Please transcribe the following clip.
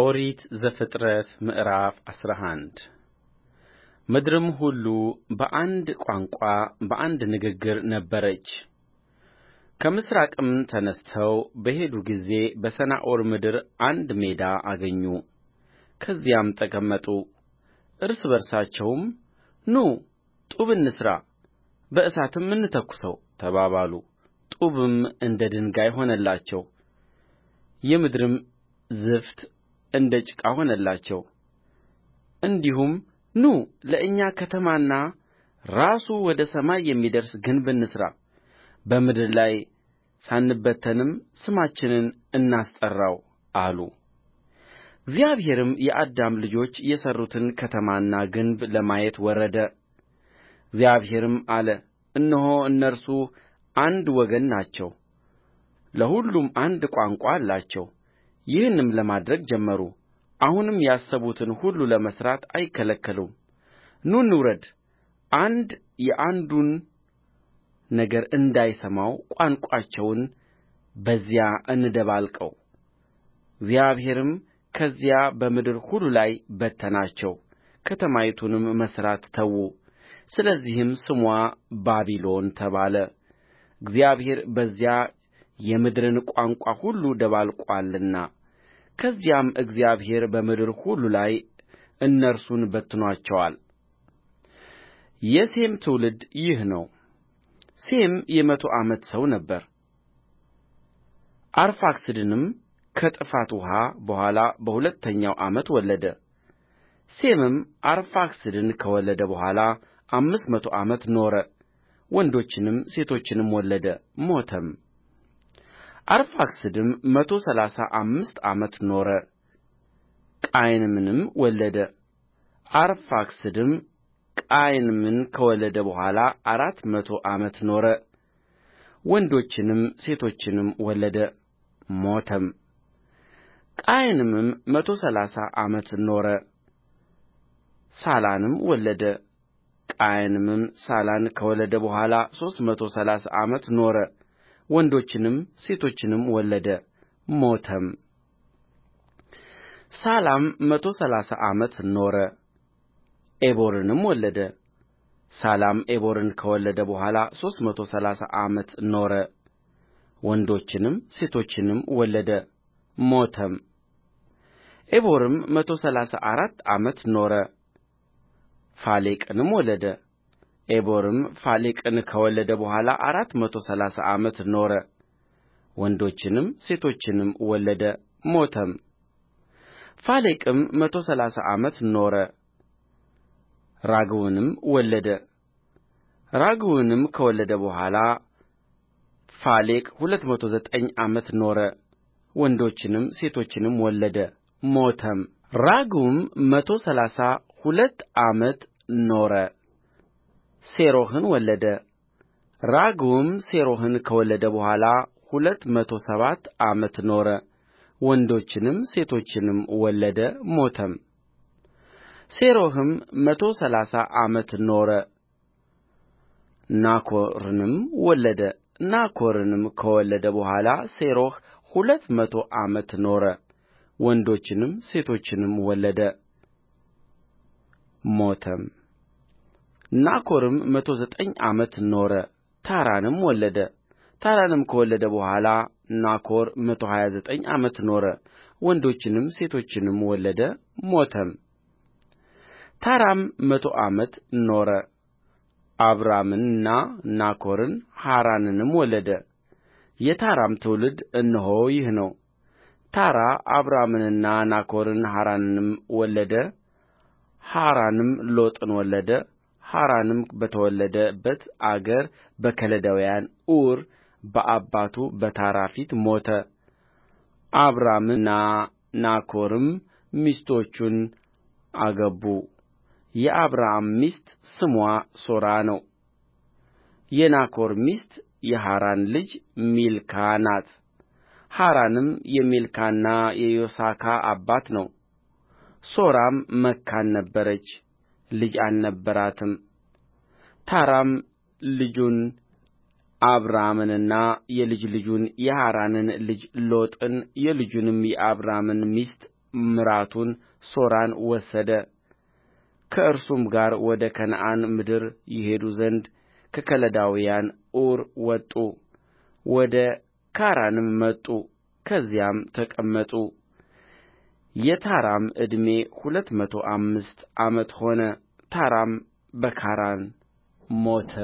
ኦሪት ዘፍጥረት ምዕራፍ አስራ አንድ ምድርም ሁሉ በአንድ ቋንቋ በአንድ ንግግር ነበረች ከምሥራቅም ተነሥተው በሄዱ ጊዜ በሰናዖር ምድር አንድ ሜዳ አገኙ ከዚያም ተቀመጡ እርስ በርሳቸውም ኑ ጡብ እንሥራ በእሳትም እንተኵሰው ተባባሉ ጡብም እንደ ድንጋይ ሆነላቸው የምድርም ዝፍት እንደ ጭቃ ሆነላቸው እንዲሁም ኑ ለእኛ ከተማና ራሱ ወደ ሰማይ የሚደርስ ግንብ እንሥራ በምድር ላይ ሳንበተንም ስማችንን እናስጠራው አሉ እግዚአብሔርም የአዳም ልጆች የሠሩትን ከተማና ግንብ ለማየት ወረደ እግዚአብሔርም አለ እነሆ እነርሱ አንድ ወገን ናቸው ለሁሉም አንድ ቋንቋ አላቸው ይህንም ለማድረግ ጀመሩ አሁንም ያሰቡትን ሁሉ ለመሥራት አይከለከሉም ኑ እንውረድ አንድ የአንዱን ነገር እንዳይሰማው ቋንቋቸውን በዚያ እንደባልቀው እግዚአብሔርም ከዚያ በምድር ሁሉ ላይ በተናቸው ከተማይቱንም መሥራት ተዉ ስለዚህም ስምዋ ባቢሎን ተባለ እግዚአብሔር በዚያ የምድርን ቋንቋ ሁሉ ደባልቆአልና ከዚያም እግዚአብሔር በምድር ሁሉ ላይ እነርሱን በትኖአቸዋል የሴም ትውልድ ይህ ነው ሴም የመቶ ዓመት ሰው ነበረ አርፋክስድንም ከጥፋት ውኃ በኋላ በሁለተኛው ዓመት ወለደ ሴምም አርፋክስድን ከወለደ በኋላ አምስት መቶ ዓመት ኖረ ወንዶችንም ሴቶችንም ወለደ ሞተም አርፋክስድም መቶ ሠላሳ አምስት ዓመት ኖረ ቃይንምንም ወለደ አርፋክስድም ቃይንምን ከወለደ በኋላ አራት መቶ ዓመት ኖረ ወንዶችንም ሴቶችንም ወለደ ሞተም ቃይንምም መቶ ሠላሳ ዓመት ኖረ ሳላንም ወለደ ቃይንምም ሳላን ከወለደ በኋላ ሦስት መቶ ሠላሳ ዓመት ኖረ ወንዶችንም ሴቶችንም ወለደ ሞተም ሳላም መቶ ሠላሳ ዓመት ኖረ ዔቦርንም ወለደ ሳላም ዔቦርን ከወለደ በኋላ ሦስት መቶ ሠላሳ ዓመት ኖረ ወንዶችንም ሴቶችንም ወለደ ሞተም ዔቦርም መቶ ሠላሳ አራት ዓመት ኖረ ፋሌቅንም ወለደ ዔቦርም ፋሌቅን ከወለደ በኋላ አራት መቶ ሠላሳ ዓመት ኖረ ወንዶችንም ሴቶችንም ወለደ ሞተም ፋሌቅም መቶ ሠላሳ ዓመት ኖረ ራግውንም ወለደ ራግውንም ከወለደ በኋላ ፋሌቅ ሁለት መቶ ዘጠኝ ዓመት ኖረ ወንዶችንም ሴቶችንም ወለደ ሞተም ራግውም መቶ ሠላሳ ሁለት ዓመት ኖረ ሴሮሕን ወለደ ራግውም ሴሮሕን ከወለደ በኋላ ሁለት መቶ ሰባት ዓመት ኖረ ወንዶችንም ሴቶችንም ወለደ ሞተም ሴሮሕም መቶ ሠላሳ ዓመት ኖረ ናኮርንም ወለደ ናኮርንም ከወለደ በኋላ ሴሮሕ ሁለት መቶ ዓመት ኖረ ወንዶችንም ሴቶችንም ወለደ ሞተም ናኮርም መቶ ዘጠኝ ዓመት ኖረ ታራንም ወለደ ታራንም ከወለደ በኋላ ናኮር መቶ ሀያ ዘጠኝ ዓመት ኖረ ወንዶችንም ሴቶችንም ወለደ ሞተም ታራም መቶ ዓመት ኖረ አብራምንና ናኮርን ሐራንንም ወለደ የታራም ትውልድ እነሆ ይህ ነው ታራ አብራምንና ናኮርን ሐራንንም ወለደ ሐራንም ሎጥን ወለደ ሐራንም በተወለደበት አገር በከለዳውያን ዑር በአባቱ በታራ ፊት ሞተ አብራምና ናኮርም ሚስቶቹን አገቡ የአብራም ሚስት ስምዋ ሦራ ነው የናኮር ሚስት የሐራን ልጅ ሚልካ ናት ሐራንም የሚልካና የዮስካ አባት ነው ሦራም መካን ነበረች ልጅ አልነበራትም ታራም ልጁን አብራምንና የልጅ ልጁን የሐራንን ልጅ ሎጥን የልጁንም የአብራምን ሚስት ምራቱን ሦራን ወሰደ ከእርሱም ጋር ወደ ከነዓን ምድር ይሄዱ ዘንድ ከከለዳውያን ዑር ወጡ ወደ ካራንም መጡ ከዚያም ተቀመጡ የታራም ዕድሜ ሁለት መቶ አምስት ዓመት ሆነ ታራም በካራን ሞተ